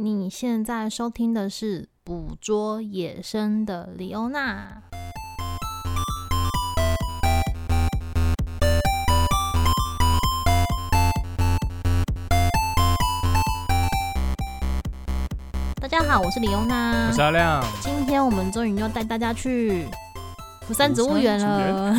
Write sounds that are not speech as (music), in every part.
你現在收聽的是《捕捉野生的李歐娜》。大家好，我是李歐娜，我是阿亮。今天我們終於要帶大家去福山植物園了，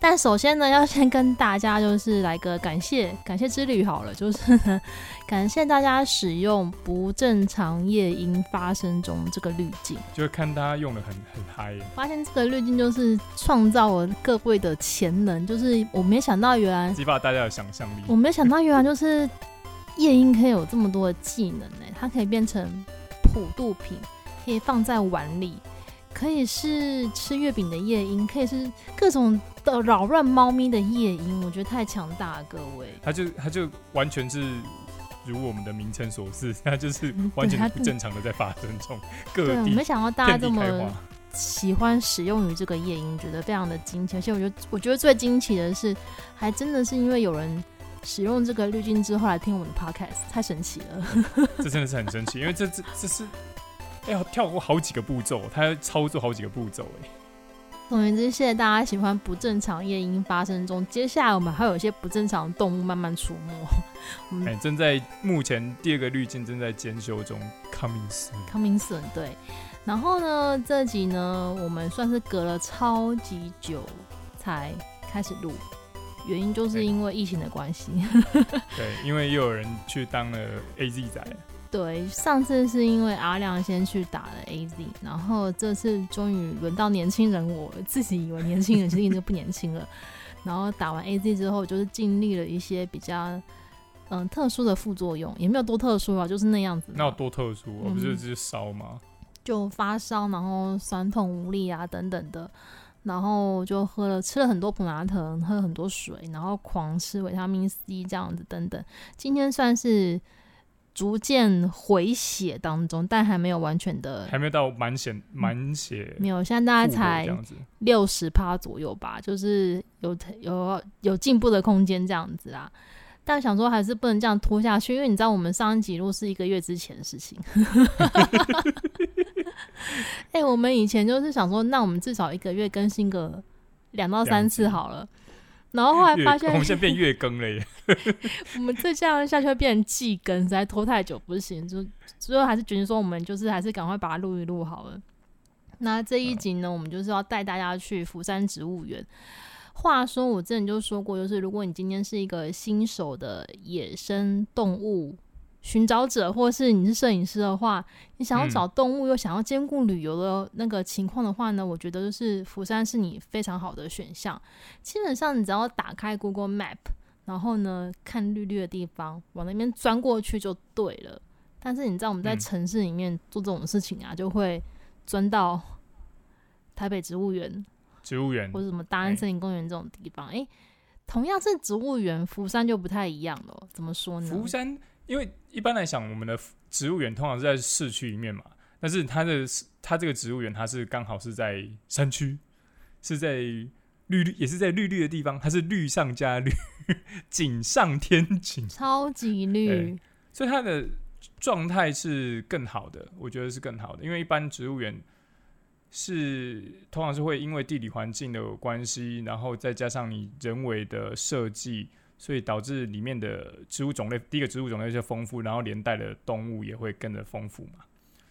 但首先呢，要先跟大家就是來個感謝感謝之旅好了，就是呵呵感謝大家使用不正常夜鶯發生中這個濾鏡，就看大家用的很很嗨，發現這個濾鏡就是創造了各位的潛能，就是我沒想到原來激發大家的想象力，我沒想到原來就是夜鶯可以有這麼多的技能呢、欸，它可以變成普渡品，可以放在碗裡。可以是吃月餅的夜鷹，可以是各種的擾亂貓咪的夜鷹，我覺得太強大了，各位。他就他就完全是如我們的名稱所示，他就是完全不正常的在發生中。各地遍地開花。對，沒想到大家這麼喜歡使用於這個夜鷹，覺得非常的驚奇。而且我覺得我覺得最驚奇的是，還真的是因為有人使用這個濾鏡之後來聽我們的 podcast，太神奇了。嗯。這真的是很神奇， (laughs) 因為這這這是。哎、欸、呀，跳過好幾個步驟，他要操作好幾個步驟哎、欸。總言之，謝謝大家喜歡不正常的夜鷹發聲中，接下來我們還有一些不正常的動物慢慢出沒。哎、欸，正在目前第二個濾鏡正在兼修中，coming soon，coming soon。Soon, 對，然後呢，這集呢，我們算是隔了超級久才開始錄，原因就是因為疫情的關係。欸、 (laughs) 對，因為又有人去當了 AZ 仔。對，上次是因為阿亮先去打了 AZ，然後這次終於輪到年輕人，我自己以為年輕人其實已經不年輕了， (laughs) 然後打完 AZ 之後，就是經歷了一些比較嗯、呃、特殊的副作用，也沒有多特殊吧、啊，就是那樣子。那有多特殊、啊？我不就是燒嗎？就發燒，然後痠痛無力啊等等的，然後就喝了吃了很多普拿疼，喝了很多水，然後狂吃維他命 C 這樣子等等。今天算是。逐漸回血當中，但還沒有完全的，還沒有到滿血滿血，沒有，現在大概才六十趴左右吧，就是有有有進步的空間這樣子啊。但想說還是不能這樣拖下去，因為你知道我們上一集錄是一個月之前的事情。哎、 (laughs) 欸，我們以前就是想說，那我們至少一個月更新個兩到三次好了。然後後來發現， (laughs) 我們現在變月更了耶 (laughs) (laughs) 我們再這樣下去會變成季更，實在拖太久不行，就最後還是決定說，就是、我們就是還是趕快把它錄一錄好了。那這一集呢，嗯、我們就是要帶大家去福山植物園。話說我之前就說過，就是如果你今天是一個新手的野生動物。尋找者，或是你是攝影師的話，你想要找動物又想要兼顧旅遊的那個情況的話呢、嗯，我覺得就是福山是你非常好的選項。基本上你只要打開 Google Map，然後呢看綠綠的地方，往那邊鑽過去就對了。但是你知道我們在城市裡面做這種事情啊，嗯、就會鑽到台北植物園、植物園或者什麼大安森林公園這種地方。誒、欸欸，同樣是植物園，福山就不太一樣了。怎麼說呢？福山？因為一般來講，我們的植物園通常是在市區裡面嘛，但是它的它這個植物園它是剛好是在山區，是在綠綠也是在綠綠的地方，它是綠上加綠，錦上添錦，超級綠，所以它的狀態是更好的，我覺得是更好的，因為一般植物園是通常是會因為地理環境的關係，然後再加上你人為的設計。所以導致裡面的植物種類，第一個植物種類就豐富，然後連帶的動物也會跟着豐富嘛。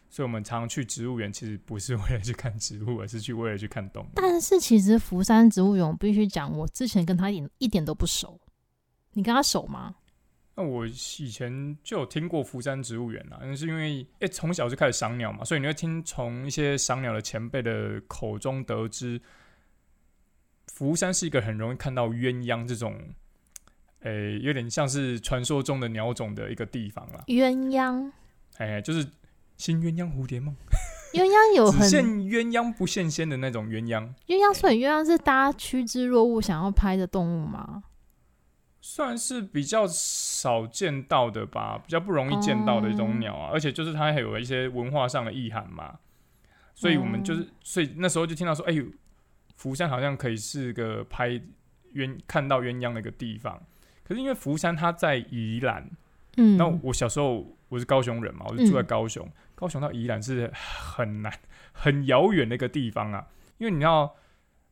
所以我們常常去植物園，其實不是為了去看植物，而是去為了去看動物。但是其實福山植物園，我必須講，我之前跟他一點一點都不熟。你跟他熟嗎？那我以前就有聽過福山植物園啦，那是因為哎從小就開始賞鳥嘛，所以你會聽從一些賞鳥的前輩的口中得知，福山是一個很容易看到鴛鴦這種。誒，有點像是傳說中的鳥種的一個地方啦。鴛鴦，哎，就是《新鴛鴦蝴蝶夢》 (laughs) 鴛鴦有很只羨，鴛鴦不羨仙的那種鴛鴦。鴛鴦算鴛鴦是大家趨之若鶩想要拍的動物嗎？算是比較少見到的吧，比較不容易見到的一種鳥啊。嗯、而且就是它還有一些文化上的意涵嘛、嗯。所以我們就是，所以那時候就聽到說，哎，福山好像可以是個拍鴛、看到鴛鴦的一個地方。可是因為福山它在宜蘭，嗯，那我小時候我是高雄人嘛，我就住在高雄，嗯、高雄到宜蘭是很難、很遙遠的一個地方啊。因為你要，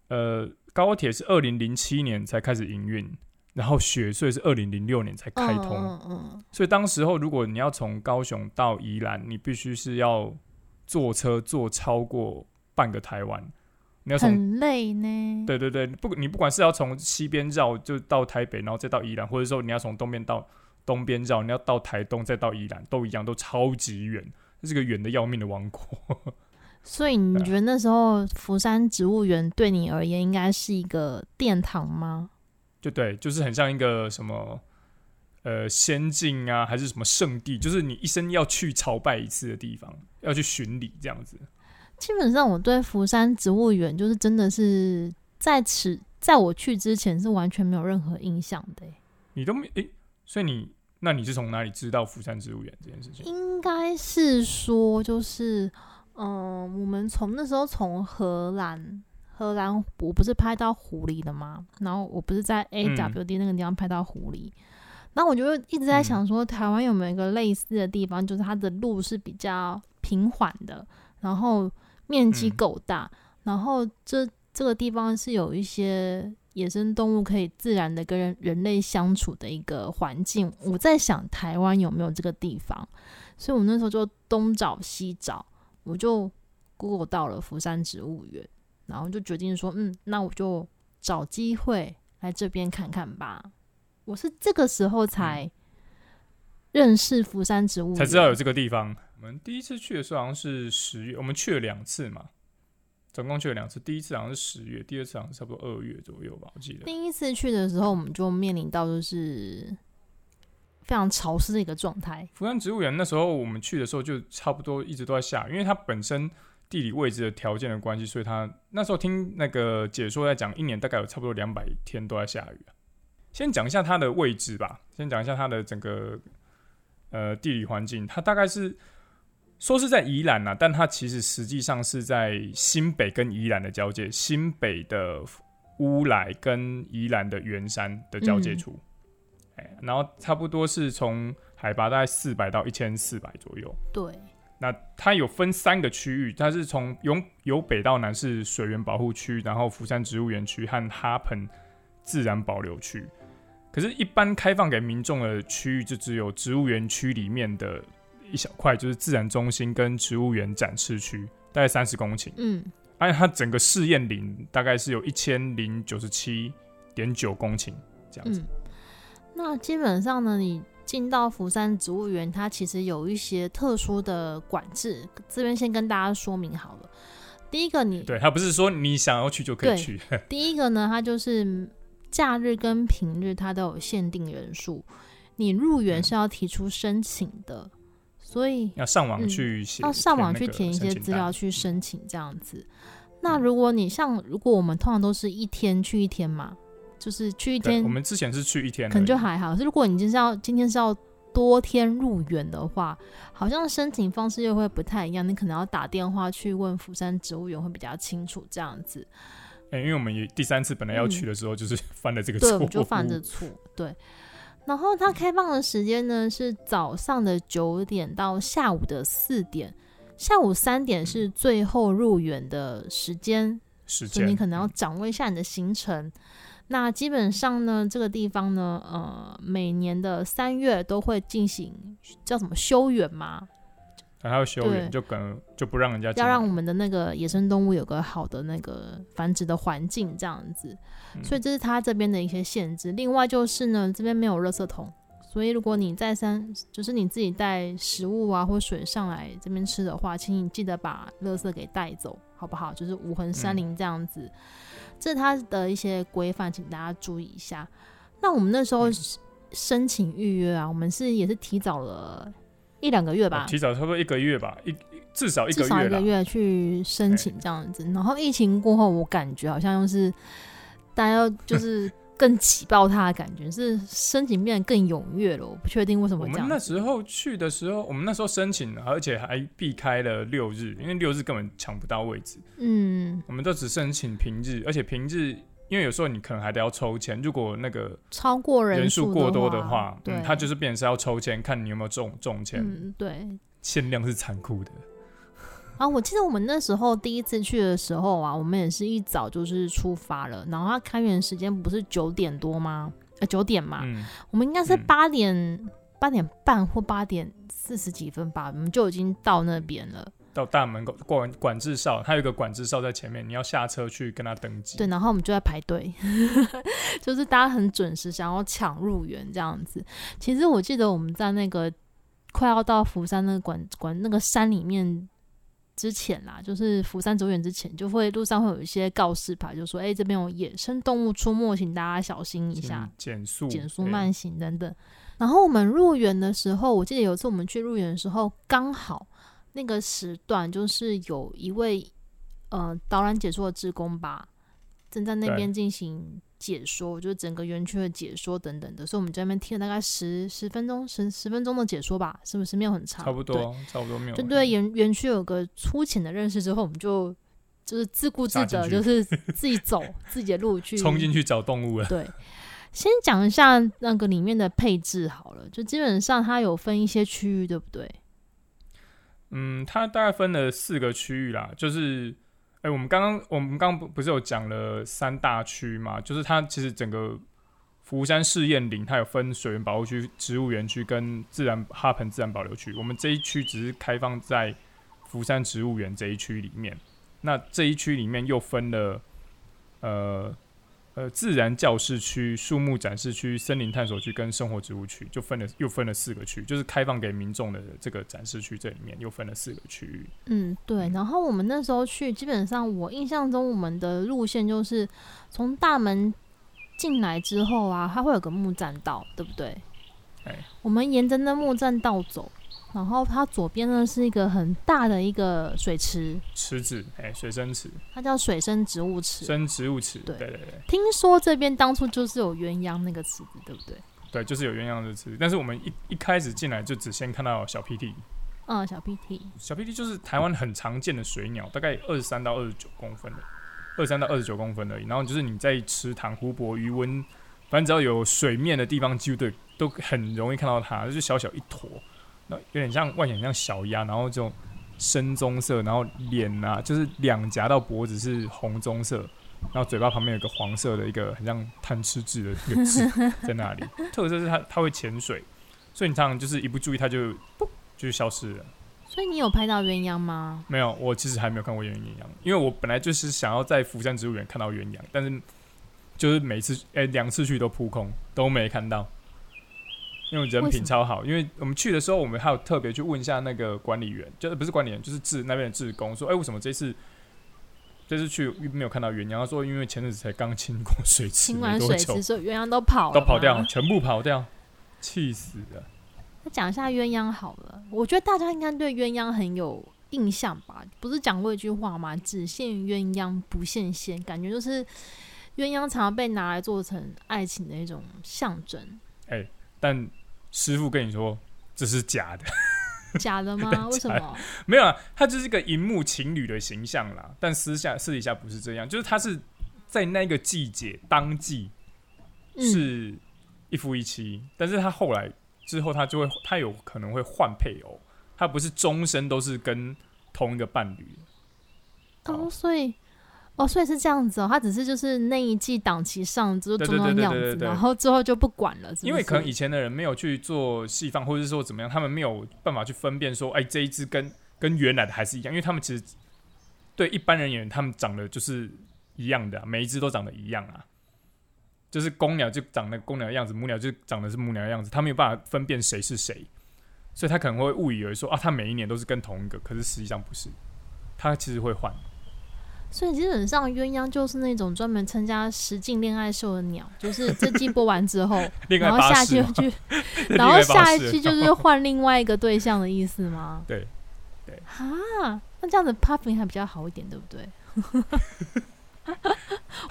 呃，高鐵是二零零七年才開始營運，然後雪隧是二零零六年才開通，嗯、哦，所以當時候如果你要從高雄到宜蘭，你必須是要坐車坐超過半個台灣。很累呢。對對對，不，你不管是要從西邊繞，就到台北，然後再到宜蘭，或者說你要從東邊到東邊繞，你要到台東再到宜蘭，都一樣，都超級遠。這是個遠的要命的王國。所以你覺得那時候福山植物園對你而言，應該是一個殿堂嗎？嗯。就對，就是很像一個什麼呃仙境啊，還是什麼聖地？就是你一生要去朝拜一次的地方，要去巡禮這樣子。基本上我對福山植物園就是真的是在此，在我去之前是完全沒有任何印象的。你都沒誒，所以你那你是從哪裡知道福山植物園這件事情？應該是說就是嗯、呃，我們從那時候從荷蘭荷蘭，我不是拍到狐狸的嗎？然後我不是在 A W D 那個地方拍到狐狸，那、嗯、我就一直在想說，台灣有沒有一個類似的地方，就是它的路是比較平緩的，然後。面積夠大、嗯，然後這這個地方是有一些野生動物可以自然的跟人人類相處的一個環境。我在想台灣有沒有這個地方？所以我那時候就東找西找，我就 Google 到了福山植物園，然後就決定說，嗯，那我就找機會來這邊看看吧。我是這個時候才認識福山植物園，才知道有這個地方。我們第一次去的時候好像是十月，我們去了兩次嘛，總共去了兩次。第一次好像是十月，第二次好像是差不多二月左右吧，我記得。第一次去的時候，我們就面臨到就是非常潮濕的一個狀態。福山植物園那時候我們去的時候就差不多一直都在下雨，因為它本身地理位置的條件的關係，所以它那時候聽那個解說在講，一年大概有差不多兩百天都在下雨。先講一下它的位置吧，先講一下它的整個呃地理環境，它大概是。說是在宜蘭啊，但它其實實際上是在新北跟宜蘭的交界，新北的烏來跟宜蘭的員山的交界處，哎、嗯，然後差不多是從海拔大概四百到一千四百左右。對，那它有分三個區域，它是從由由北到南是水源保護區，然後福山植物園區和哈盆自然保留區，可是，一般開放給民眾的區域就只有植物園區裡面的。一小塊就是自然中心跟植物園展示區，大概三十公頃。嗯，而、啊、且它整個試驗林大概是有一千零九十七點九公頃這樣子、嗯。那基本上呢，你進到福山植物園，它其實有一些特殊的管制，這邊先跟大家說明好了。第一個你，你對它不是說你想要去就可以去。 (laughs) 第一個呢，它就是假日跟平日它都有限定人數，你入園是要提出申請的。嗯所以要上網去、嗯、要上網去填，填一些資料去申請這樣子、嗯。那如果你像如果我們通常都是一天去一天嘛，就是去一天。我們之前是去一天，可能就還好。是如果你今天要今天是要多天入園的話，好像申請方式又會不太一樣。你可能要打電話去問福山植物園會比較清楚這樣子。欸、因為我們也第三次本來要去的時候就是、嗯、 (laughs) 犯了這個錯誤，就犯了錯，對。然後它開放的時間呢是早上的九點到下午的四點，下午三點是最後入園的時間、時間，所以你可能要掌握一下你的行程。那基本上呢，這個地方呢，呃，每年的三月都會進行叫什麼休園嗎？然要修園，就可能就不讓人家進，要讓我們的那個野生動物有個好的那個繁殖的環境這樣子，嗯，所以這是它這邊的一些限制。另外就是呢，這邊沒有垃圾桶，所以如果你在山，就是你自己帶食物啊或水上來這邊吃的話，請你記得把垃圾給帶走，好不好？就是五痕山林這樣子，嗯，這是它的一些規範，請大家注意一下。那我們那時候申請預約啊，嗯、我們是也是提早了。一兩個月吧，哦、提早差不多一個月吧，一至少一個月。至少一個月去申請這樣子，欸、然後疫情過後，我感覺好像又是大家要就是更擠爆他的感覺， (laughs) 是申請變得更踴躍了。我不確定為什麼這樣。我們那時候去的時候，我們那時候申請了，而且還避開了六日，因為六日根本搶不到位置。嗯，我們都只申請平日，而且平日。因為有時候你可能還得要抽籤，如果那個超過人數過多的話，的話嗯、對，他就是變成是要抽籤，看你有沒有中中籤。嗯，對，限量是殘酷的。啊，我記得我們那時候第一次去的時候啊，我們也是一早就是出發了，然後他開園時間不是九點多嗎？啊、呃，九點嘛、嗯，我們應該是八點八、嗯、點半或八點四十幾分吧，我們就已經到那邊了。到大門口過完管制哨，他有個管制哨在前面，你要下車去跟他登記。對，然後我們就在排隊，就是大家很準時，想要搶入園這樣子。其實我記得我們在那個快要到福山那個管管那個山裡面之前啦，就是福山走遠之前，就會路上會有一些告示牌，就說：“哎、欸，這邊有野生動物出沒，請大家小心一下，減速、減速、慢行、欸、等等。”然後我們入園的時候，我記得有一次我們去入園的時候，剛好。那個時段就是有一位，呃，導覽解說的志工吧，正在那邊進行解說，就整個園區的解說等等的，所以我們在那邊聽了大概十十分鐘十十分鐘的解說吧，是不是沒有很長？差不多，差不多沒有。對對，園園區有個粗淺的認識之後，我們就就是自顧自的，就是自己走 (laughs) 自己的路去衝進去找動物了。對，先講一下那個裡面的配置好了，就基本上它有分一些區域，對不對？嗯，它大概分了四個區域啦，就是，哎、欸，我們剛剛我們剛剛不不是有講了三大區嘛？就是它其實整個福山試驗林，它有分水源保護區、植物園區跟自然哈盆自然保留區。我們這一區只是開放在福山植物園這一區裡面，那這一區裡面又分了，呃。呃，自然教室區、樹木展示區、森林探索區跟生活植物區，就分了，又分了四個區，就是開放給民眾的這個展示區，這裡面又分了四個區域。嗯，對。然後我們那時候去，基本上我印象中我們的路線就是從大門進來之後啊，它會有個木棧道，對不對？欸，我們沿着那木棧道走，然後它左邊呢是一個很大的一個水池池子，哎，水生池，它叫水生植物池，生植物池，對對對對。聽說這邊當初就是有鴛鴦那個池子，對不對？對，就是有鴛鴦的池。但是我們一一開始進來就只先看到小 PT，嗯，小 PT，小 PT 就是台灣很常見的水鳥，大概二十三到二十九公分的，二十三到二十九公分而已。然後就是你在池塘、湖泊、魚塭，反正只要有水面的地方，幾乎對，都很容易看到它，就是小小一坨。有點像，外形像小鴨，然後就深棕色，然後臉呐、啊、就是兩頰到脖子是紅棕色，然後嘴巴旁邊有個黃色的一個很像貪吃痣的一個痣在那裡。 (laughs) 特色是它它會潛水，所以你常常就是一不注意它就就消失了。所以你有拍到鴛鴦嗎？沒有，我其實還沒有看過鴛鴦，因為我本來就是想要在福山植物園看到鴛鴦，但是就是每次哎、欸、兩次去都撲空，都沒看到。因為人品超好，因為我們去的時候，我們還有特別去問一下那個管理員，就是不是管理員，就是志那邊的志工，說：“哎、欸，為什麼這次這次去沒有看到鴛鴦？”他說：“因為前陣子才剛清過水池，清完水池，所以鴛鴦都跑了，都跑掉，全部跑掉，氣死了。”再講一下鴛鴦好了，我覺得大家應該對鴛鴦很有印象吧？不是講過一句話嗎？“只羨鴛鴦不羨仙”，感覺就是鴛鴦常被拿來做成愛情的一種象徵。哎、欸，但師傅跟你說，這是假的， (laughs) 假的嗎？假的？為什麼？沒有啊，他就是一個螢幕情侶的形象啦。但私下，私底下不是這樣，就是他是在那個季節當季是一夫一妻、嗯，但是他後來之後他就會他有可能會換配偶，他不是終身都是跟同一個伴侶。哦，所以。哦，所以是這樣子哦，他只是就是那一季檔期上就中成的樣子，對對對對對對對對然後之後就不管了是不是？因為可能以前的人沒有去做繫放，或者是說怎麼樣，他們沒有辦法去分辨說，哎，這一只跟跟原來的還是一樣，因為他們其實對一般人以為，他們長得就是一樣的，啊，每一只都長得一樣啊，就是公鳥就長得公鳥的樣子，母鳥就長得是母鳥的樣子，他沒有辦法分辨誰是誰，所以他可能會誤以為說啊，他每一年都是跟同一個，可是實際上不是，他其實會換。所以基本上鴛鴦就是那種專門參加實境戀愛秀的鳥，就是這季播完之後，然後下一季，然後下一季 (laughs) 就是換另外一個對象的意思嗎？對，對。啊，那這樣子 puffing 還比較好一點，對不對？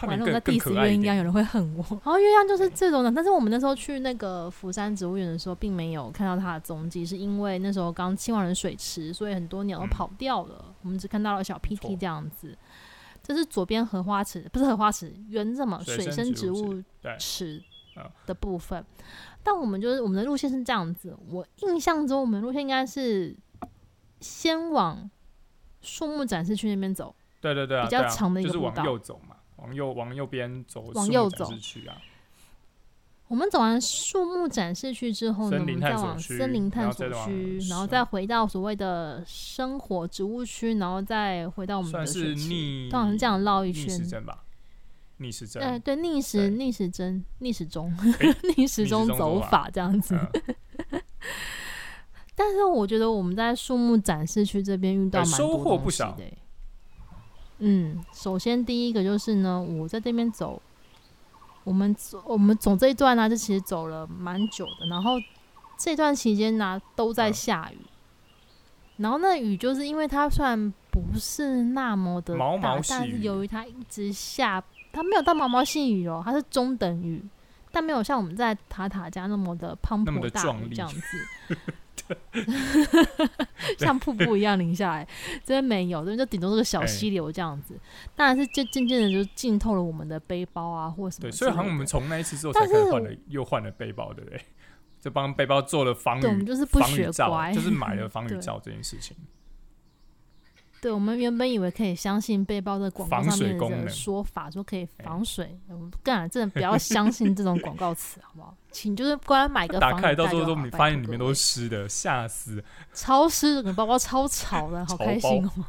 反正我在 diss 鴛鴦，有人會恨我。 (laughs) 然後鴛鴦就是這種的，但是我們那時候去那個福山植物園的時候，並沒有看到它的蹤跡，是因為那時候剛清完了水池，所以很多鳥都跑掉了，嗯、我們只看到了小 PT 這樣子。這、就是左邊荷花池，不是荷花池，圓子嘛，水生植物池的部分。哦、但我們就是我們的路線是這樣子，我印象中我們的路線應該是先往樹木展示區那邊走。對對對、啊，比較長的一個步道、啊。就是往右走嘛，往右，往右邊走、啊，往右走啊。我們走完樹木展示區之後呢，我們再往森林探索區，然後再回到所謂的生活植物區，然後再回到我們的算是逆，都好像這樣繞一圈，逆時針吧。逆時針，哎，對，逆時逆時針逆時鐘、欸、逆時鐘走法這樣子。呃、 (laughs) 但是我覺得我們在樹木展示區這邊遇到蠻多東西的、欸呃。嗯，首先第一個就是呢，我在這邊走。我們走，我們走這一段呢、啊，就其實走了蠻久的。然後這段期間呢、啊，都在下雨。嗯、然後那雨就是因為它雖然不是那麼的大，毛毛但是由於它一直下，它沒有到毛毛細雨哦，它是中等雨，但沒有像我們在塔塔家那麼的滂沱大雨這樣子。 (laughs) (laughs) 像瀑布一樣淋下來，這邊沒有，這邊就頂多是個小溪流這樣子。欸、當然是就漸漸的就浸透了我們的背包啊，或什麼。對，所以好像我們從那一次之後才開始換了，又換了背包，對不對？就幫背包做了防雨，就是不學乖。防雨罩，就是買了防雨罩這件事情。對，我們原本以為可以相信背包的廣告上面的這說法，說可以防水。我們幹，真的不要相信這種廣告詞， (laughs) 好不好？請就是過來買個防。打開說說說，到最後時候你發現裡面都是濕的，嚇死！超濕，的包包超潮的，好開心哦、喔。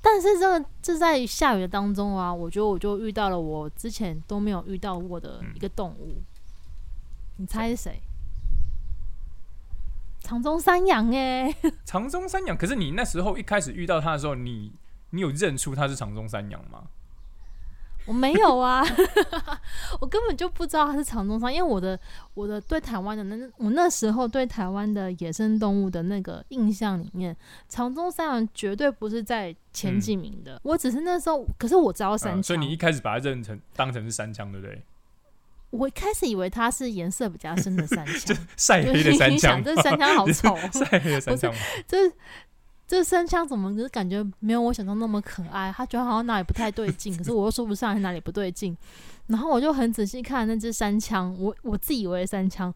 但是這個這在下雨當中啊，我覺得我就遇到了我之前都沒有遇到過的一個動物，嗯、你猜是誰？嗯長鬃山羊哎、欸，長鬃山羊。可是你那時候一開始遇到他的時候，你你有認出他是長鬃山羊嗎？我沒有啊， (laughs) (laughs) 我根本就不知道他是長鬃山，因為我的我的對台灣的那我那時候對台灣的野生動物的那個印象裡面，長鬃山羊絕對不是在前幾名的、嗯。我只是那時候，可是我知道山羌、嗯，所以你一開始把它認成當成是山羌，對不對？我一開始以為它是顏色比較深的山羌， (laughs) 就曬黑的山這山羌好醜， (laughs) 曬黑的山羌 (laughs) 這這山羌怎麼就是感覺沒有我想像那麼可愛？它覺得好像哪裡不太對勁，可是我又說不上哪裡不對勁。 (laughs) 然後我就很仔細看那只山羌。我我自以為山羌，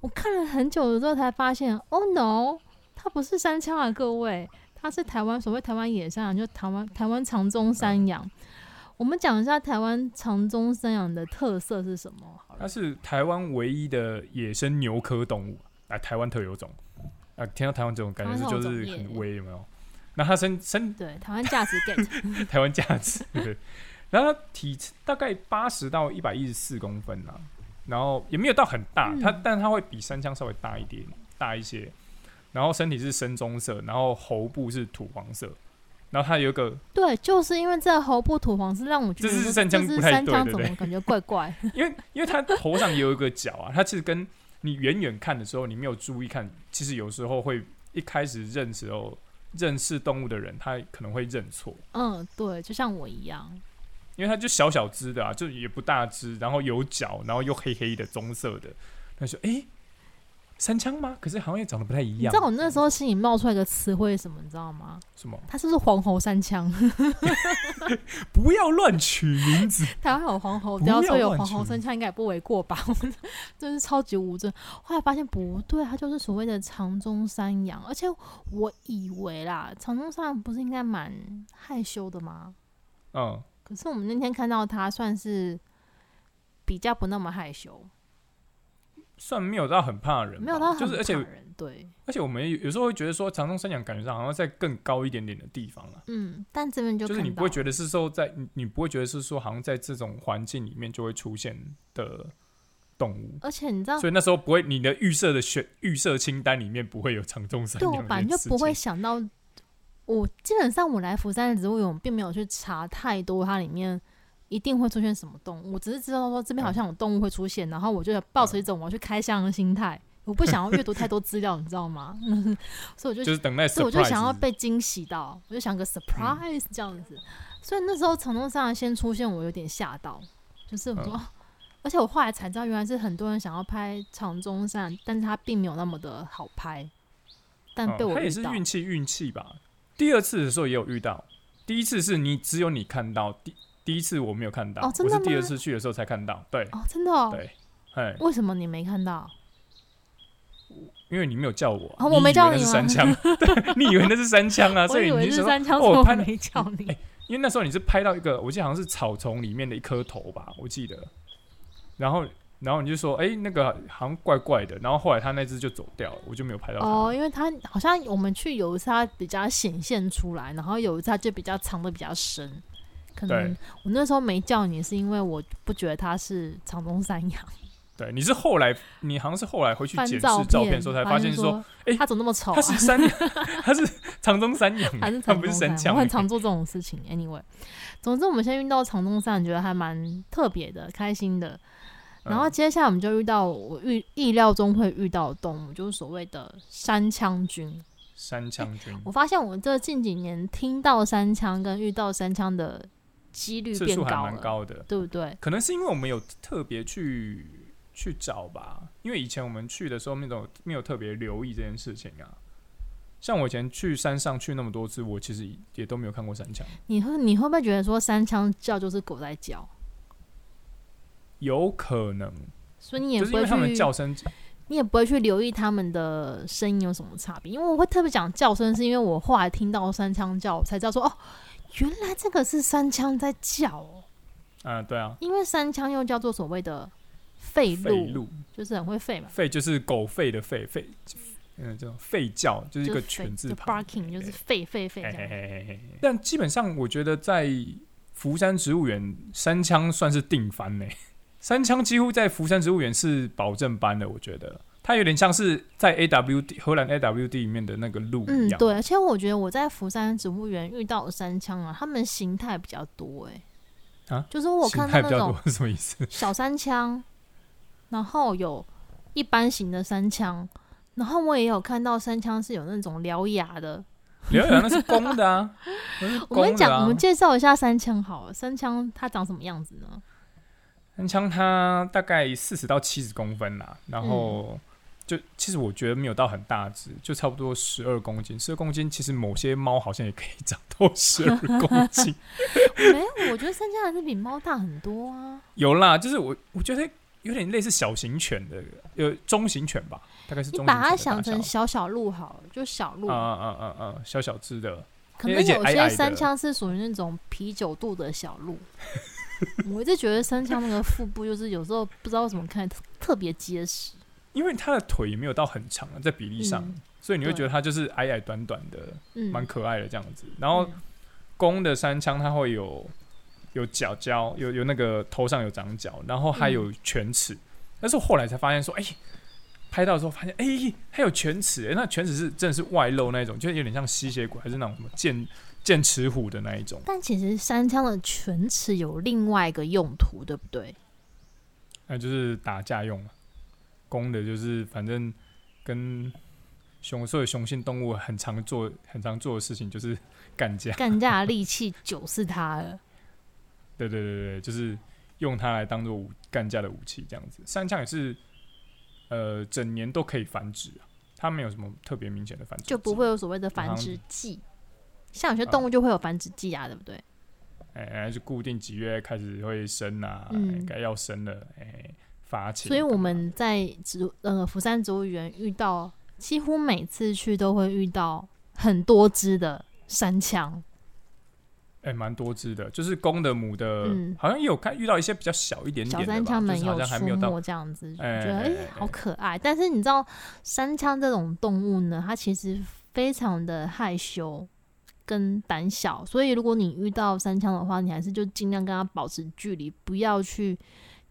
我看了很久的時候才發現哦、Oh no，它不是山羌啊，各位，它是台灣所謂台灣野山羊，就台灣台灣長鬃山羊。我們講一下台灣長鬃山羊的特色是什麼？它是台灣唯一的野生牛科動物、啊，哎、啊，台灣特有種。啊，聽到台灣這種感覺是就是，很威有，有沒有？那它身身對台灣價 (laughs) 值 get 台灣價值對。然後它體大概八十到一百一十四公分吶、啊，然後也沒有到很大，它、嗯、但它會比山羌稍微大一點，大一些。然後身體是深棕色，然後喉部是土黃色。然後他有一個對，就是因為這喉部土黃色，讓我覺得就是山羌不太對，感覺怪怪。 (laughs) 因為因為他頭上也有一個角啊，它其實跟你遠遠看的時候，你沒有注意看，其實有時候會一開始認識哦，認識動物的人，他可能會認錯。嗯，對，就像我一樣。因為它就小小隻的、啊，就也不大隻，然後有腳，然後又黑黑的、棕色的，他說：“哎、欸。”山羌嗎？可是好像也長得不太一樣。在我那時候心裡冒出來的詞彙什麼，你知道嗎？什麼？他是不是黃喉山羌？ (laughs) (laughs) 不要亂取名字。台灣有黃喉，不要不說有黃喉山羌，應該也不為過吧？我 (laughs) 真是超級無知。後來發現不對，他就是所謂的長鬃山羊。而且我以為啦，長鬃山羊不是應該蠻害羞的嗎？嗯。可是我們那天看到他，算是比較不那麼害羞。算沒有，沒有到很怕人，沒有到很就是，而且對，而且我們有時候會覺得說長鬃山羊感覺上好像在更高一點點的地方啊，嗯，但這邊就就是你不會覺得是說在你不會覺得是說好像在這種環境裡面就會出現的動物，而且你知道，所以那時候不會你的預設的選預設清單裡面不會有長鬃山，對，我反正就不會想到我。我基本上我來福山的植物園，我並沒有去查太多它裡面。一定會出現什麼動物？我只是知道說這邊好像有動物會出現，嗯、然後我就抱着一種我要去開箱的心態、嗯，我不想要閱讀太多資料， (laughs) 你知道嗎？ (laughs) 所以我就就是等待，所以我就想要被驚喜到，我就想個 surprise 這樣子、嗯。所以那時候長鬃山先出現，我有點嚇到，就是我說、嗯，而且我後來才知道，原來是很多人想要拍長鬃山，但是他並沒有那麼的好拍，但被我、嗯、也是運氣運氣吧。第二次的時候也有遇到，第一次是你只有你看到第一次我沒有看到、哦，我是第二次去的時候才看到。對，哦，真的哦，對，哎，為什麼你沒看到？因為你沒有叫我、啊哦，我沒叫你。你以為那是三槍， (laughs) 對，你以為那是三槍啊？ (laughs) 所以你就說我以為是三槍，哦、我拍沒叫你、欸。因為那時候你是拍到一個，我記得好像是草叢裡面的一顆頭吧，我記得。然後，然後你就說：“哎、欸，那個好像怪怪的。”然後後來他那隻就走掉了，我就沒有拍到。哦、呃，因為他好像我們去有一次他比較顯現出來，然後有一次他就比較藏得比較深。對，我那時候沒叫你是因為我不覺得他是長鬃山羊。對， (laughs) 你是後來，你好像是後來回去檢視照片的時候才發現說，哎、欸，他怎麼那麼醜、啊？他是山， (laughs) 他是山，他是長鬃山羊，他不是山羌。我很常做這種事情。 (laughs) Anyway，總之我們現在遇到長鬃山羊，覺得還蠻特別的，開心的。然後接下來我們就遇到我預意料中會遇到的動物，就是所謂的山羌君。山羌君、欸，我發現我這近幾年聽到山羌跟遇到山羌的。幾率變高，還還高的，對不對？可能是因為我們有特別去去找吧，因為以前我們去的時候，那種沒有特別留意這件事情啊。像我以前去山上去那麼多次，我其實也都沒有看過山羌。你會你會不會覺得說山羌叫就是狗在叫？有可能，所以你也不會、就是，他們叫聲，你也不會去留意他們的聲音有什麼差別。因為我會特別講叫聲，是因為我後來聽到山羌叫，才叫說哦。原來這個是山羌在叫，啊，對啊，因為山羌又叫做所謂的“吠鹿」，就是很會吠嘛，吠就是狗吠的吠，吠，嗯、呃，叫吠叫，就是一個犬字旁就，就，barking, 就是吠吠，吠，吠這但基本上，我覺得在福山植物園，山羌算是定番呢、欸，山羌幾乎在福山植物園是保證班的，我覺得。它有點像是在 A W D 荷蘭 A W D 裡面的那個鹿一樣。嗯，對，而且我覺得我在福山植物園遇到的山羌啊，它們形態比較多哎、欸。啊？形、就、態、是、比較多什麼意思？小山羌，然後有一般型的山羌，然後我也有看到山羌是有那種獠牙的。獠 (laughs) 牙那是公的,、啊、 (laughs) 的啊。我跟你講、啊，我們介紹一下山羌好了。山羌它長什麼樣子呢？山羌它大概四十到七十公分啦、啊，然後、嗯。就其實我覺得沒有到很大隻，就差不多十二公斤。十二公斤其實某些貓好像也可以長到十二公斤。 (laughs) (laughs) 沒有，我覺得山羌還是比貓大很多啊。有啦，就是我我覺得有點類似小型犬的，有中型犬吧，大概是中型犬的大小。你把它想成小小鹿好了，就小鹿啊啊啊嗯，小小隻的。可能有些山羌是屬於那種啤酒肚的小鹿。唉唉，我一直覺得山羌那個腹部，就是有時候不知道為什麼看，特別結實。因為他的腿也沒有到很長，在比例上，嗯、所以你會覺得他就是矮矮短短的，蠻、嗯、可愛的這樣子。然後公的山羌它會有有角角，有角角有，有那個頭上有長角，然後還有犬齒。但是我後來才發現說，哎、欸，拍到的時候發現，哎、欸，還有犬齒、欸，那犬齒是真的是外露那種，就有點像吸血鬼，還是那種什麼劍劍齒虎的那一種。但其實山羌的犬齒有另外一個用途，對不對？那、啊、就是打架用了。公的，就是反正跟雄，所有雄性動物很常做、很常做的事情就是幹架，幹架的利器就是它了。 (laughs) 對對對對，就是用它來當做武幹架的武器，這樣子。山羌也是，呃，整年都可以繁殖，它沒有什麼特別明顯的繁殖，就不會有所謂的繁殖季、啊。像有些動物就會有繁殖季啊，啊，對不對？哎、欸，就固定幾月開始會生啊，該、嗯欸、要生了，哎、欸。所以我們在植呃，福山植物園遇到，幾乎每次去都會遇到很多只的山羌。哎、欸，蠻多只的，就是公的母的，嗯、好像也有看遇到一些比較小一點點的小山羌，蠻有出沒這樣子，就覺得哎、欸欸欸、好可愛。但是你知道山羌這種動物呢，它其實非常的害羞跟膽小，所以如果你遇到山羌的話，你還是就儘量跟它保持距離，不要去。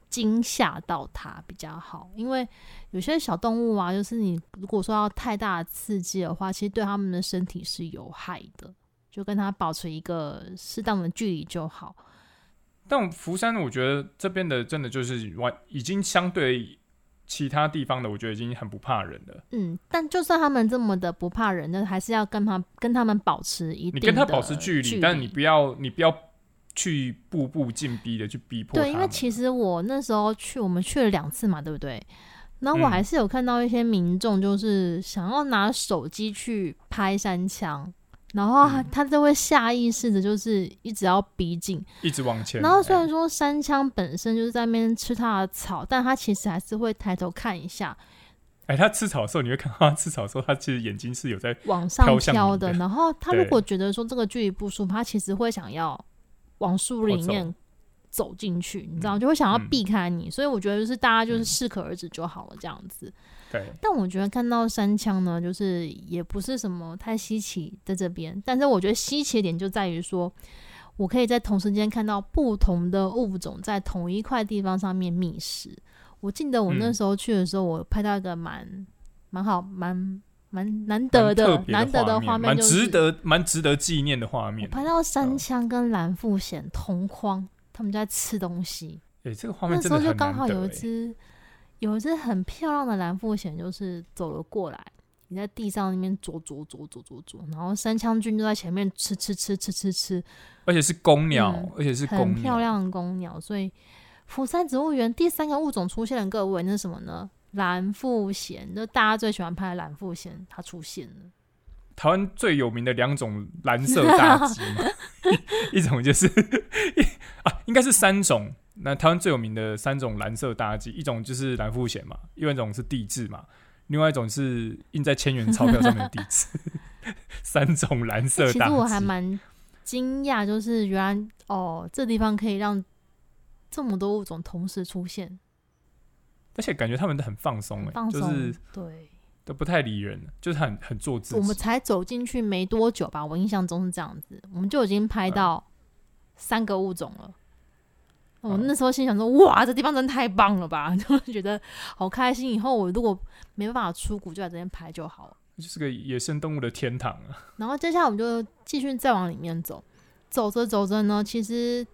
驚嚇到它比較好，因為有些小動物啊，就是你如果說要太大的刺激的話，其實對它們的身體是有害的。就跟他保持一個適當的距離就好。但福山我覺得這邊的真的就是完，已經相對其他地方的，我覺得已經很不怕人了。嗯，但就算他們這麼的不怕人，那還是要跟他跟他們保持一定的距離。你跟他保持距離，但你不要，你不要。去步步進逼的去逼迫。對，因為其實我那時候去，我們去了兩次嘛，對不對？然後我還是有看到一些民眾，就是想要拿手機去拍山羌，然後他就會下意識的，就是一直要逼近，一直往前。然後雖然說山羌本身就是在那邊吃他的草、欸，但他其實還是會抬頭看一下。哎、欸，他吃草的時候，你會看到他吃草的時候，他其實眼睛是有在向往上飄的。然後他如果覺得說這個距離不舒服，他其實會想要。往樹林裡面走進去走，你知道，就會想要避開你，嗯、所以我覺得就是大家就是適可而止就好了，這樣子、嗯。對。但我覺得看到山羌呢，就是也不是什麼太稀奇在這邊，但是我覺得稀奇一點就在於說，我可以在同時間看到不同的物種在同一塊地方上面覓食。我記得我那時候去的時候，嗯、我拍到一個蠻蠻好蠻。蠻難得的，的難得的畫面、就是、面，值得蠻值得紀念的畫面。拍到山羌跟藍腹鷴同框，他們就在吃東西。哎、欸，這個畫面那時候就剛好有一隻、欸、有一隻很漂亮的藍腹鷴就是走了過來，你在地上那邊啄，啄啄啄啄啄啄，然後山羌君就在前面吃吃吃吃吃吃，而且是公鳥，嗯、而且是很漂亮的公鳥。所以，福山植物園第三個物種出現的各位，那是什麼呢？藍腹鷴，就大家最喜歡拍的藍腹鷴，他出現了。台灣最有名的兩種藍色大雞嘛。 (laughs) 一，一種就是、啊、應該是三種。那台灣最有名的三種藍色大雞，一種就是藍腹鷴嘛，一種是帝雉嘛，另外一種是印在千元鈔票上面的帝雉。 (laughs) 三種藍色大雞、欸，其實我還蠻驚訝，就是原來哦，這地方可以讓這麼多物種同時出現。而且感覺他們都很放鬆、欸，哎，就是對，都不太理人，就是很很做自己。我們才走進去沒多久吧，我印象中是這樣子，我們就已經拍到三個物種了。嗯、我那時候心想說：“哇，這地方真的太棒了吧！” (laughs) 就覺得好開心。以後我如果沒辦法出谷，就在這邊拍就好了，就是個野生動物的天堂啊。然後接下來我們就繼續再往裡面走，走着走着呢，其實。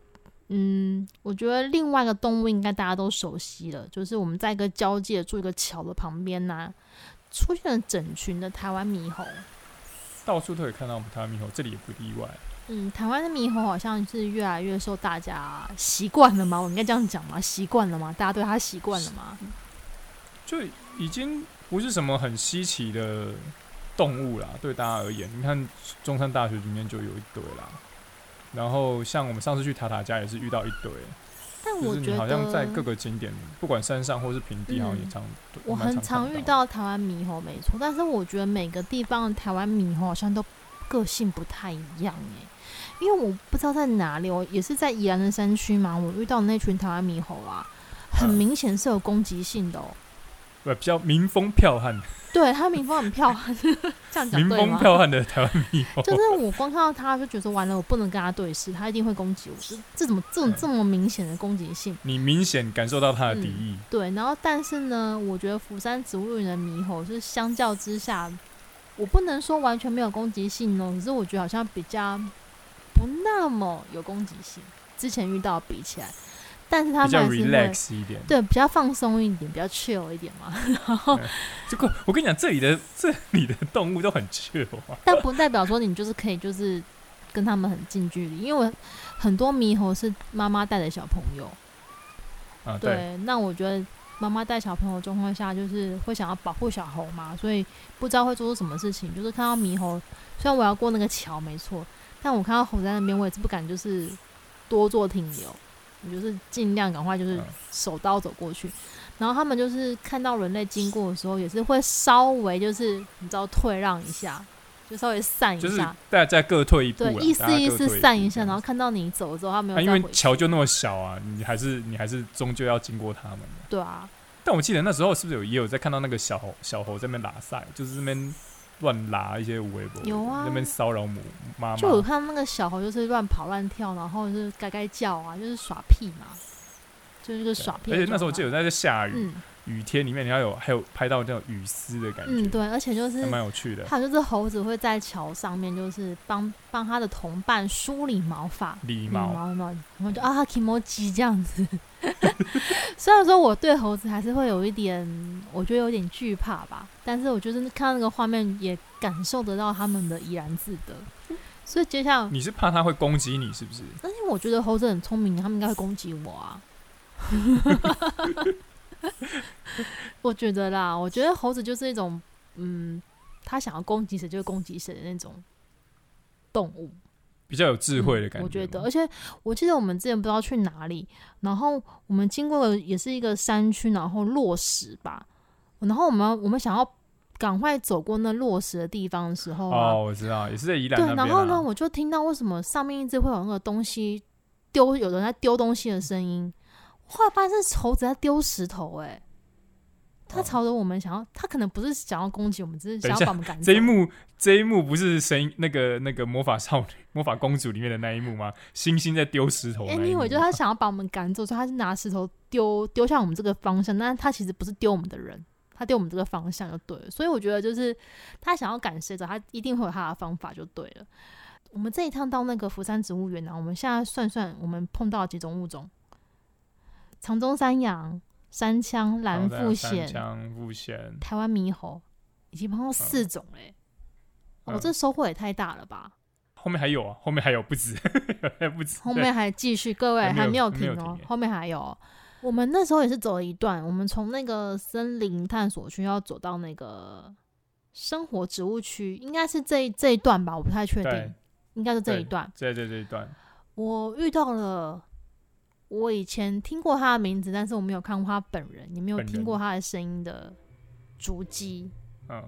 嗯，我覺得另外一個動物應該大家都熟悉了，就是我們在一個交界、做一個橋的旁邊呢、啊，出現了整群的台灣獼猴。到處都可以看到我們台灣獼猴，這裡也不例外。嗯，台灣的獼猴好像是越來越受大家習慣了嘛？我應該這樣講嗎？習慣了嘛？大家對它習慣了嘛？就已經不是什麼很稀奇的動物啦。對大家而言。你看中山大學裡面就有一堆啦。然後像我們上次去塔塔加也是遇到一堆，但我覺得、就是、你好像在各個景點，不管山上或是平地，好像也常、嗯、我、常我很常遇到台灣獼猴，沒錯。但是我覺得每個地方的台灣獼猴好像都個性不太一樣哎、欸，因為我不知道在哪裡，我也是在宜蘭的山區嘛，我遇到那群台灣獼猴啦、啊，很明顯是有攻擊性的、喔。啊呃，比較民風剽悍。對他民風很剽悍， (laughs) 這樣講對嗎？民風剽悍的台灣獼猴， (laughs) 就是我光看到他就覺得說完了，我不能跟他對視，他一定會攻擊我。這這怎麼這麼這麼明顯的攻擊性？你明顯感受到他的敵意、嗯。對，然後但是呢，我覺得福山植物園的獼猴是相較之下，我不能說完全沒有攻擊性哦，可是我覺得好像比較不那麼有攻擊性，之前遇到比起來。但是他比較 relax 還是一點，對，比較放鬆一點，比較 chill 一點嘛。然後，這、欸、個我跟你講，這裡的這裡的動物都很 chill，啊、但不代表說你就是可以就是跟他們很近距離。因為很多獼猴是媽媽帶的小朋友、啊，對，對。那我覺得媽媽帶小朋友狀況下，就是會想要保護小猴嘛，所以不知道會做出什麼事情。就是看到獼猴，雖然我要過那個橋沒錯，但我看到猴在那邊，我也是不敢就是多做停留。我就是盡量趕快，就是手刀走過去、嗯，然後他們就是看到人類經過的時候，也是會稍微就是你知道退讓一下，就稍微散一下，就是大家再各退一步，意思意思散一下，然後看到你走之後，他們因為橋就那麼小啊，你還是你還是終究要經過他們對啊。但我記得那時候是不是有也有在看到那個小猴小猴在那邊拉賽，就是那邊。亂拉一些微博，有啊，那邊騷擾母媽媽。就我看那個小猴，就是亂跑亂跳，然後就是嘎嘎叫啊，就是耍屁嘛，就是個耍屁。而且那時候我記得在下雨、嗯，雨天裡面你要有，還有拍到這種雨絲的感覺。嗯，對，而且就是蠻有趣的。還有就是猴子會在橋上面，就是幫幫他的同伴梳理毛髮，理、嗯、毛毛然後就啊，気持ち這樣子。 (laughs) 雖然說我對猴子還是會有一點，我覺得有點懼怕吧。但是，我就是看到那個畫面，也感受得到他們的怡然自得。所以，接下來你是怕他會攻擊你，是不是？但是，我覺得猴子很聰明，他們應該會攻擊我啊。 (laughs) (laughs) (laughs) 我覺得啦，我覺得猴子就是一種，嗯，他想要攻擊誰就攻擊誰的那種動物。比較有智慧的感覺、嗯，我覺得。而且我記得我們之前不知道去哪裡，然後我們經過了也是一個山區，然後落石吧。然後我們我們想要趕快走過那落石的地方的時候、啊，哦，我知道，也是在宜蘭那邊、啊、對然後呢，我就聽到為什麼上面一直會有那個東西丟，有人在丟東西的聲音，後來發現是猴子在丟石頭、欸，哎。他朝着我們想要，他可能不是想要攻擊我們，只是想要把我們趕走。這一幕，這一幕不是《神》那個那個魔法少女，魔法公主裡面的那一幕嗎？星星在丟石頭。anyway，、欸、就他想要把我們趕走，所以他是拿石頭丟丟向我們這個方向。但他其實不是丟我們的人，他丟我們這個方向就對了。所以我覺得就是他想要趕誰走，他一定會有他的方法就對了。我們這一趟到那個福山植物園呢，我們現在算算，我們碰到幾種物種：長鬃山羊。山羌，藍腹、鷴、哦啊，台灣獼猴，已經碰到四種哎、欸，我、嗯哦嗯、這收穫也太大了吧！後面還有啊，後面還有不止，不止，呵呵不止後面還繼續，各位還沒，有還沒有停哦、喔，後面還有。我們那時候也是走了一段，我們從那個森林探索區要走到那個生活植物區，應該是這一這一段吧，我不太確定，應該是這一段。對對，對，這一段。我遇到了。我以前聽過他的名字，但是我沒有看過他本人。你沒有聽過他的聲音的竹雞，嗯、哦，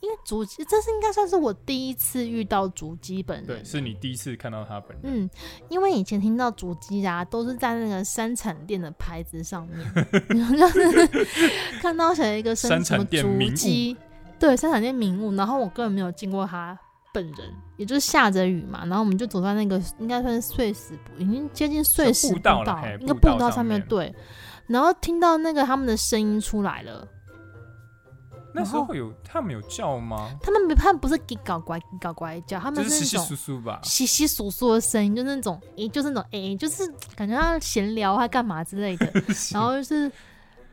因為竹雞這是應該算是我第一次遇到竹雞本人，對，是你第一次看到他本人，嗯，因為以前聽到竹雞啊，都是在那個山產店的牌子上面，就 (laughs) 是 (laughs) (laughs) 看到起來一個生什麼竹雞，對，山產店名物，然後我根本沒有見過他。本人也就是下着雨嘛，然後我們就走在那個應該算是碎石步，已經接近碎石步道，應該步道上面，上面，上面對，然後聽到那個他們的聲音出來了。那時候有他們有叫嗎？他們沒，他們不是給搞怪搞怪叫，他們是窸窸窣窣吧，窸窸窣窣的聲音，就是那種誒、欸，就是那種誒、欸，就是感覺他閒聊還幹嘛之類的， (laughs) 然後就是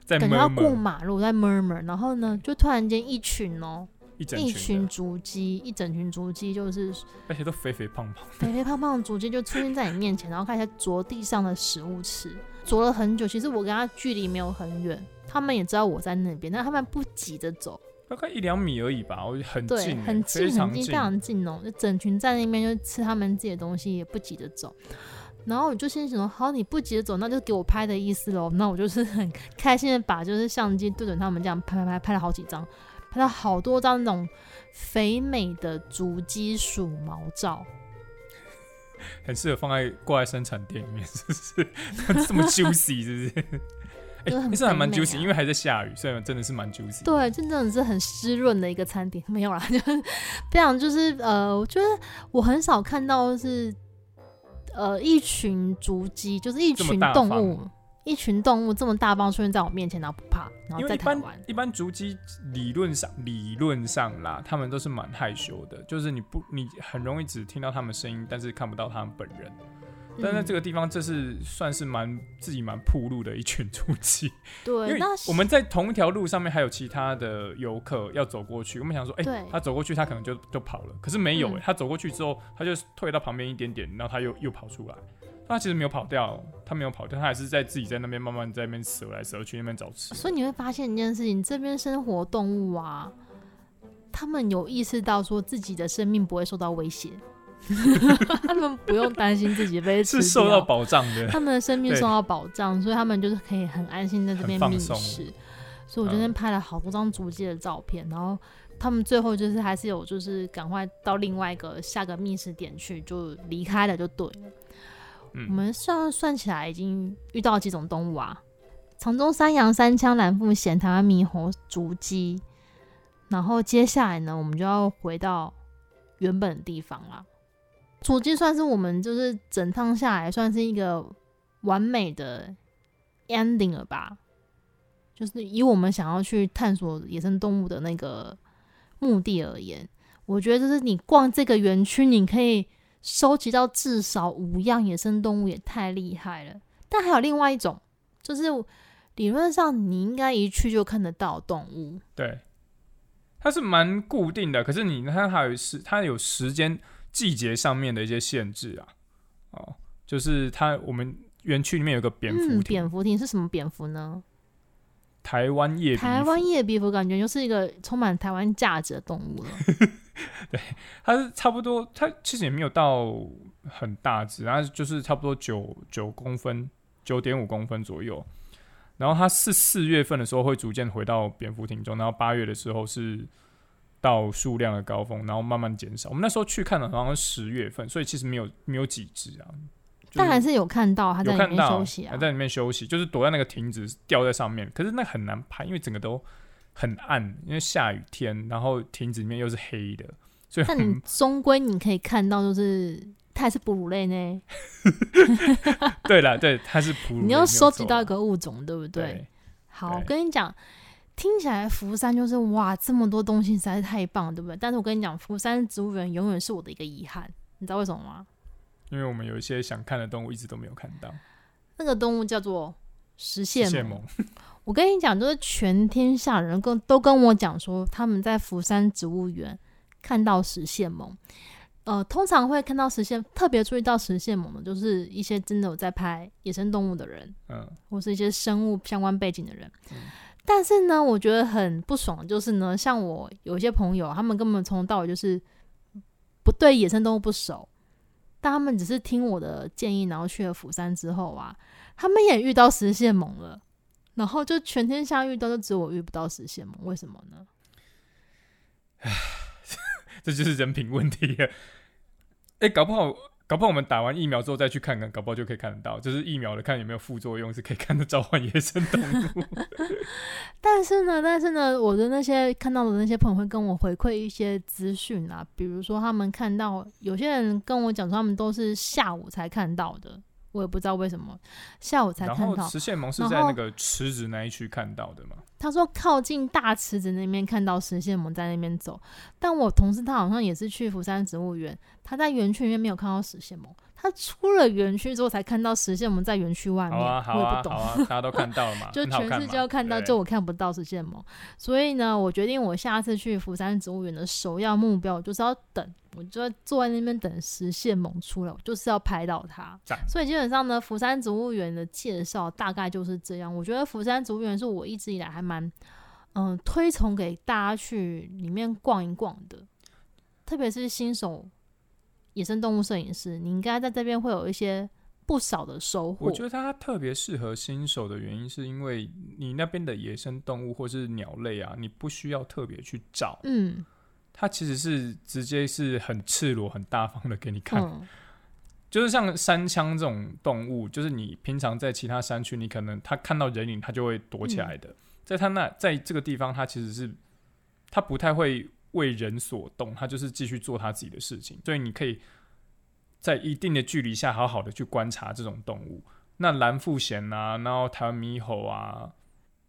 感覺要過馬路，在 murmur，在 murmur 然後呢，就突然間一群哦、喔。一群，一群竹雞，一整群竹雞，就是那些都肥肥胖胖、肥肥胖胖的竹雞就出現在你面前， (laughs) 然後看一下啄地上的食物吃，啄了很久。其實我跟他距離沒有很遠，他們也知道我在那邊，但他們不急着走，大概一兩米而已吧，很近，欸很近，非常近，很近，很近，非常近，非常近哦。就整群在那邊就吃他們自己的東西，也不急着走。然後我就心想說，好，你不急着走，那就給我拍的意思嘍。那我就是很開心的把就是相機對準他們這樣拍拍拍，拍，拍了好幾張。看到好多張那種肥美的竹雞鼠毛照，很適合放在掛在生產店裡面，是不是？ (laughs) 這麼 juicy，是不是？哎、 (laughs) 欸，沒事，啊，還蠻 juicy，因為還在下雨，所以真的是蠻 juicy。對，真正的是很濕潤的一個餐點，沒有啦，就是非常，就是呃，我覺得我很少看到是呃一群竹雞，就是一群動物。一群動物這麼大方出現在我面前，然後不怕，然後因為一般，一般竹雞理論上理論上啦，他們都是蠻害羞的，就是你不你很容易只聽到他們聲音，但是看不到他們本人。但在這個地方，這是算是蠻自己蠻鋪路的一群竹雞。對，我們在同一條路上面還有其他的遊客要走過去，我們想說，哎、欸，他走過去，他可能就就跑了。可是沒有、欸，哎、嗯，他走過去之後，他就退到旁邊一點點，然後他又又跑出來。他其實沒有跑掉，他沒有跑掉，他還是在自己在那邊慢慢在那邊折來折去那邊找吃。所以你會發現一件事情，這邊生活動物啊，他們有意識到說自己的生命不會受到威脅， (laughs) (laughs) 他們不用擔心自己被吃，受到保障，對，他們的生命受到保障，所以他們就是可以很安心在這邊覓食。所以，我今天拍了好多張足跡的照片，嗯，然後他們最後就是還是有就是趕快到另外一個下個覓食點去就離開了就，就對。嗯、我們算算起來已經遇到幾種動物啊，長鬃山羊、山羌、藍腹鷴、台灣獼猴、竹雞，然後接下來呢，我們就要回到原本的地方了。竹雞算是我們就是整趟下來算是一個完美的 ending 了吧，就是以我們想要去探索野生動物的那個目的而言，我覺得就是你逛這個園區，你可以。收集到至少五樣野生動物也太厲害了，但還有另外一種，就是理論上你應該一去就看得到動物。對，它是蠻固定的，可是你它還有時它有時間、時季節上面的一些限制啊。哦，就是它，我們園區裡面有個蝙蝠亭、嗯、蝙蝠亭是什麼蝙蝠呢？台灣葉鼻蝠，台灣葉鼻蝠，感覺就是一個充滿台灣價值的動物了。 (laughs) 對，它是差不多，它其實也沒有到很大只，它就是差不多九九公分，九點五公分左右。然後它是四月份的時候會逐漸回到蝙蝠亭中，然後八月的時候是到數量的高峰，然後慢慢減少。我們那時候去看了，好像是十月份，所以其實沒有沒有幾隻啊、就是。但還是有看到它在裡面休息啊，啊，在裡面休息，就是躲在那個亭子吊在上面，可是那很難拍，因為整個都。很暗，因為下雨天，然後亭子裡面又是黑的，所以。但終歸你可以看到，就是它還是哺乳類呢。 (laughs) (laughs) (laughs) 對啦，對，它是哺乳，啊。你要收集到一個物種，對不對？對，好，我跟你講，聽起來福山就是哇，這麼多東西實在是太棒了，對不對？但是我跟你講，福山植物園永遠是我的一個遺憾，你知道為什麼嗎？因為我們有一些想看的動物，一直都沒有看到。那個動物叫做食蟹獴。食蟹獴我跟你講，就是全天下人跟都跟我講說，他們在福山植物園看到食蟹獴。呃，通常會看到食蟹，特別注意到食蟹獴的，就是一些真的有在拍野生動物的人，嗯，或是一些生物相關背景的人。嗯、但是呢，我覺得很不爽，就是呢，像我有些朋友，他們根本從到尾就是不對野生動物不熟，但他們只是聽我的建議，然後去了福山之後啊，他們也遇到食蟹獴了。然後就全天下遇到，就只有我遇不到實現，為什麼呢？這就是人品問題哎，搞不好，搞不好我們打完疫苗之後再去看看，搞不好就可以看得到。就是疫苗的，看有沒有副作用是可以看到召喚野生動物。 (laughs) 但是呢，但是呢，我的那些看到的那些朋友會跟我回饋一些資訊啊，比如說他們看到有些人跟我講說，他們都是下午才看到的。我也不知道為什麼，下午才看到食蟹獴是在那個池子那一區看到的嘛？他說靠近大池子那邊看到食蟹獴在那邊走，但我同事他好像也是去福山植物園，他在園區裡面沒有看到食蟹獴，他出了園區之後才看到食蟹獴在園區外面、啊啊。我也不懂、啊啊，大家都看到了嘛？ (laughs) 就全世界都看到，好好看就我看不到食蟹獴，所以呢，我決定我下次去福山植物園的首要目標就是要等。我就坐在那邊等食蟹獴出來，我就是要拍到它。所以基本上呢，福山植物園的介紹大概就是這樣。我覺得福山植物園是我一直以來還蠻嗯推崇給大家去裡面逛一逛的，特別是新手野生動物攝影師，你應該在這邊會有一些不少的收穫。我覺得它特別適合新手的原因，是因為你那邊的野生動物或是鳥類啊，你不需要特別去找。嗯。它其實是直接是很赤裸、很大方的給你看，嗯，就是像山羌這種動物，就是你平常在其他山區，你可能它看到人影，它就會躲起來的、嗯在。在它那在這個地方，它其實是它不太會為人所動，它就是繼續做它自己的事情。所以你可以在一定的距離下，好好的去觀察這種動物。那藍腹鷴啊，然後台灣獼猴啊，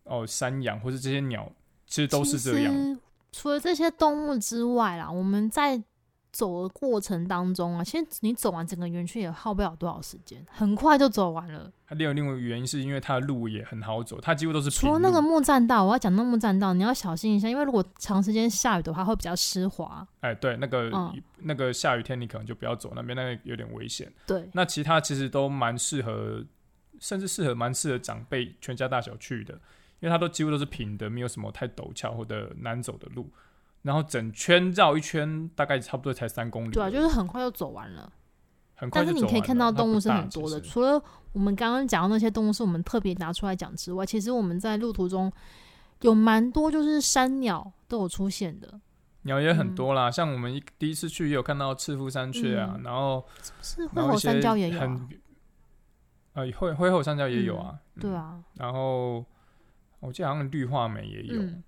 哦，山羊或是這些鳥，其實都是這樣。除了這些動物之外啦，我們在走的過程當中啊，其實你走完整個園區也耗不了多少時間，很快就走完了。還有另外一個原因是因為它的路也很好走，它幾乎都是平路，除了那個木棧道，我要講那木棧道，你要小心一下，因為如果長時間下雨的話會比較濕滑。哎、欸，對，那個、嗯、那個下雨天你可能就不要走那邊，那個有點危險。對，那其他其實都蠻適合，甚至適合蠻適合長輩全家大小去的。因為它都幾乎都是平的，沒有什麼太陡峭或者難走的路，然後整圈繞一圈，大概差不多才三公里，對、啊，就是很快就，很快就走完了。但是你可以看到動物是很多的，除了我們剛剛講的那些動物是我們特別拿出來講之外，其實我們在路途中有蠻多，就是山鳥都有出現的、嗯。鳥也很多啦，像我們第一次去也有看到赤腹山雀啊，嗯、然後是，不是灰喉山椒也有，啊？灰灰喉山椒也有啊，呃有啊嗯、對啊、嗯，然後。我記得好像綠化美也有，嗯、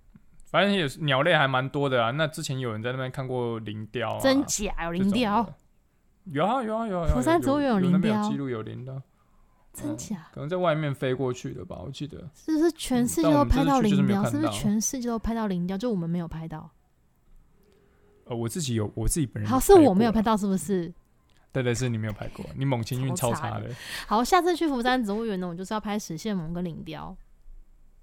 反正也是鳥類還蠻多的啊。那之前有人在那邊看過林雕、啊，真假有林雕、啊啊啊、雕，有啊有啊有啊！福山植物園有林雕，記錄有林雕，真假？可能在外面飛過去的吧。我記得是不是全世界都拍到林雕、嗯、雕？是不是全世界都拍到林雕？就我們沒有拍到。呃，我自己有，我自己本人，好是我沒有拍到，是不是？嗯、對對，是你沒有拍過，你猛禽運超、超差的。好，下次去福山植物園呢，我就是要拍食蟹獴跟林雕。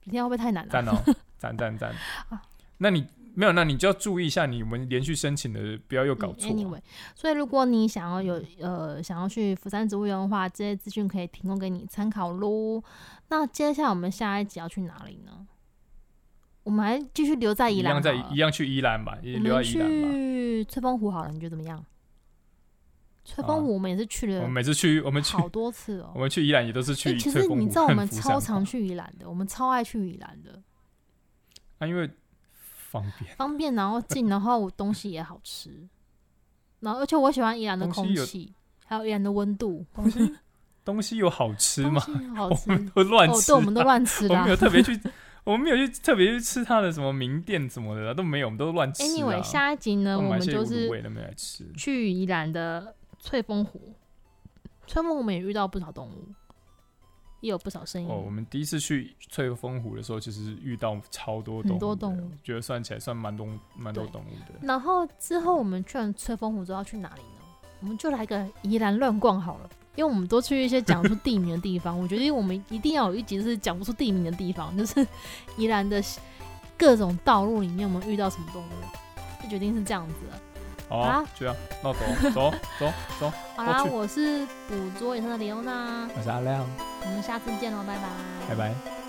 明天會不會太難了、啊？讚哦，喔，讚讚讚！ (laughs) 那你沒有，那你就要注意一下，你們連續申請的，不要又搞錯、啊。Anyway. 所以，如果你想要有呃想要去福山植物園的話，這些資訊可以提供給你參考咯。那接下來我們下一集要去哪裡呢？我們還繼續留在宜蘭在一樣去宜蘭吧，也留在宜蘭吧。我們去翠峰湖好了，你覺得怎麼樣？吹風舞我們也是去了、啊，我們每次去我們去好多次哦，我們去宜蘭也都是去吹風舞。其實你知道，我們超常去宜蘭的，我們超愛去宜蘭的。啊，因為方便方便，然後近，然後東西也好吃， (laughs) 然後而且我喜歡宜蘭的空氣，還有宜蘭的溫度。東西東西有好吃嗎？東西好吃， (laughs) 我亂吃、啊哦，我們都亂吃的、啊， (laughs) 我們沒有特別去，我們沒有去特別去吃它的什麼名店什麼的、啊、都沒有，我們都亂吃、啊。Anyway，、欸、下一集呢，我們就是去宜蘭的。翠峰湖，翠峰湖我們也遇到不少動物，也有不少聲音。哦，我們第一次去翠峰湖的時候，其實是遇到超多動物，多動物、哦，覺得算起來算蠻多蠻多動物的。然後之後我們去完翠峰湖之後要去哪裡呢？我們就來個宜蘭亂逛好了，因為我們多去一些講出地名的地方， (laughs) 我覺得我們一定要有一集是講不出地名的地方，就是宜蘭的各種道路裡面，我們遇到什麼動物，就決定是這樣子了。好，啊好啊，去啊！那我走，走 (laughs) 走走，走。好啦、啊，我是捕捉野生的莉歐娜，我是阿亮，我們下次見嘍，拜拜，拜拜。